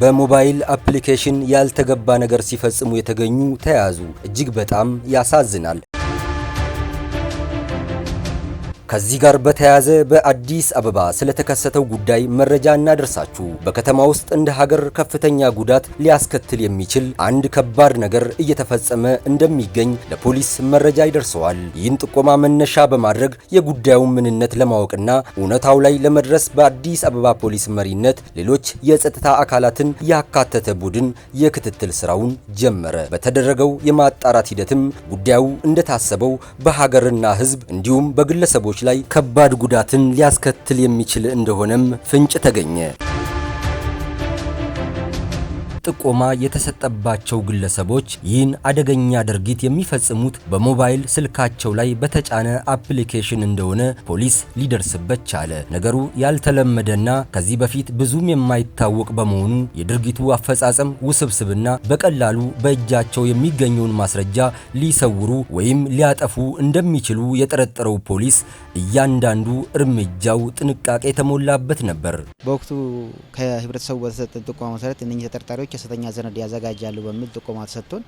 በሞባይል አፕሊኬሽን ያልተገባ ነገር ሲፈጽሙ የተገኙ ተያዙ። እጅግ በጣም ያሳዝናል። ከዚህ ጋር በተያያዘ በአዲስ አበባ ስለተከሰተው ጉዳይ መረጃ እናደርሳችሁ። በከተማ ውስጥ እንደ ሀገር ከፍተኛ ጉዳት ሊያስከትል የሚችል አንድ ከባድ ነገር እየተፈጸመ እንደሚገኝ ለፖሊስ መረጃ ይደርሰዋል። ይህን ጥቆማ መነሻ በማድረግ የጉዳዩን ምንነት ለማወቅና እውነታው ላይ ለመድረስ በአዲስ አበባ ፖሊስ መሪነት ሌሎች የጸጥታ አካላትን ያካተተ ቡድን የክትትል ስራውን ጀመረ። በተደረገው የማጣራት ሂደትም ጉዳዩ እንደታሰበው በሀገርና ሕዝብ እንዲሁም በግለሰቦች ላይ ከባድ ጉዳትን ሊያስከትል የሚችል እንደሆነም ፍንጭ ተገኘ። ጥቆማ የተሰጠባቸው ግለሰቦች ይህን አደገኛ ድርጊት የሚፈጽሙት በሞባይል ስልካቸው ላይ በተጫነ አፕሊኬሽን እንደሆነ ፖሊስ ሊደርስበት ቻለ። ነገሩ ያልተለመደና ከዚህ በፊት ብዙም የማይታወቅ በመሆኑ የድርጊቱ አፈጻጸም ውስብስብና በቀላሉ በእጃቸው የሚገኘውን ማስረጃ ሊሰውሩ ወይም ሊያጠፉ እንደሚችሉ የጠረጠረው ፖሊስ እያንዳንዱ እርምጃው ጥንቃቄ የተሞላበት ነበር። በወቅቱ ከህብረተሰቡ በተሰጠ ጥቆማ መሰረት እነኚህ ተጠርጣሪዎች ሐሰተኛ ሰነድ ያዘጋጃሉ በሚል ጥቆማ ተሰጥቶን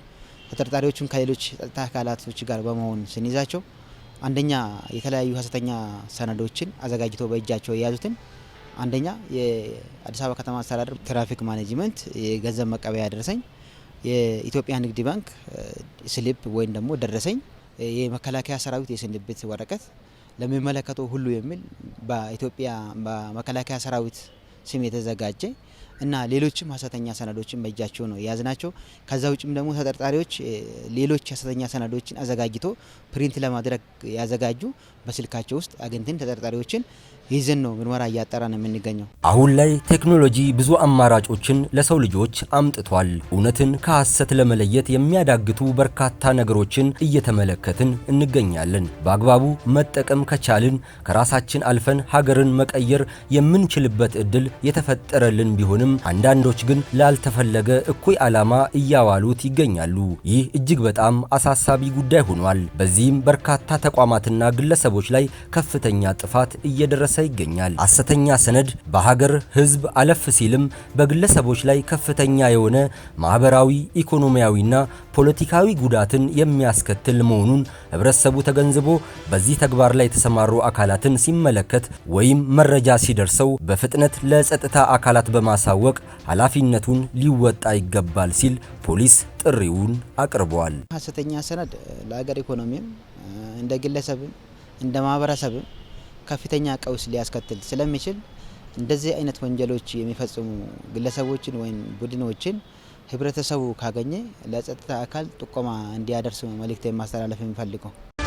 ተጠርጣሪዎቹን ከሌሎች ጸጥታ አካላቶች ጋር በመሆን ስንይዛቸው አንደኛ የተለያዩ ሐሰተኛ ሰነዶችን አዘጋጅቶ በእጃቸው የያዙትን አንደኛ የአዲስ አበባ ከተማ አስተዳደር ትራፊክ ማኔጅመንት የገንዘብ መቀበያ ደረሰኝ፣ የኢትዮጵያ ንግድ ባንክ ስሊፕ ወይም ደግሞ ደረሰኝ፣ የመከላከያ ሰራዊት የስንብት ወረቀት ለሚመለከተው ሁሉ የሚል በኢትዮጵያ በመከላከያ ሰራዊት ስም የተዘጋጀ እና ሌሎችም ሀሰተኛ ሰነዶችን በእጃቸው ነው የያዝናቸው። ከዛ ውጭም ደግሞ ተጠርጣሪዎች ሌሎች ሀሰተኛ ሰነዶችን አዘጋጅቶ ፕሪንት ለማድረግ ያዘጋጁ በስልካቸው ውስጥ አግኝተን ተጠርጣሪዎችን ይዘን ነው ምርመራ እያጠራ ነው የምንገኘው። አሁን ላይ ቴክኖሎጂ ብዙ አማራጮችን ለሰው ልጆች አምጥቷል። እውነትን ከሀሰት ለመለየት የሚያዳግቱ በርካታ ነገሮችን እየተመለከትን እንገኛለን። በአግባቡ መጠቀም ከቻልን ከራሳችን አልፈን ሀገርን መቀየር የምንችልበት እድል የተፈጠረልን ቢሆንም ቢያወጡትም አንዳንዶች ግን ላልተፈለገ እኩይ ዓላማ እያዋሉት ይገኛሉ። ይህ እጅግ በጣም አሳሳቢ ጉዳይ ሆኗል። በዚህም በርካታ ተቋማትና ግለሰቦች ላይ ከፍተኛ ጥፋት እየደረሰ ይገኛል። ሐሰተኛ ሰነድ በሀገር ሕዝብ አለፍ ሲልም በግለሰቦች ላይ ከፍተኛ የሆነ ማህበራዊ፣ ኢኮኖሚያዊና ፖለቲካዊ ጉዳትን የሚያስከትል መሆኑን ህብረተሰቡ ተገንዝቦ በዚህ ተግባር ላይ የተሰማሩ አካላትን ሲመለከት ወይም መረጃ ሲደርሰው በፍጥነት ለጸጥታ አካላት በማሳወቅ ስለሚታወቅ ኃላፊነቱን ሊወጣ ይገባል ሲል ፖሊስ ጥሪውን አቅርበዋል። ሀሰተኛ ሰነድ ለሀገር ኢኮኖሚም እንደ ግለሰብም እንደ ማህበረሰብም ከፍተኛ ቀውስ ሊያስከትል ስለሚችል እንደዚህ አይነት ወንጀሎች የሚፈጽሙ ግለሰቦችን ወይም ቡድኖችን ህብረተሰቡ ካገኘ ለጸጥታ አካል ጥቆማ እንዲያደርስ መልእክት ማስተላለፍ የሚፈልገው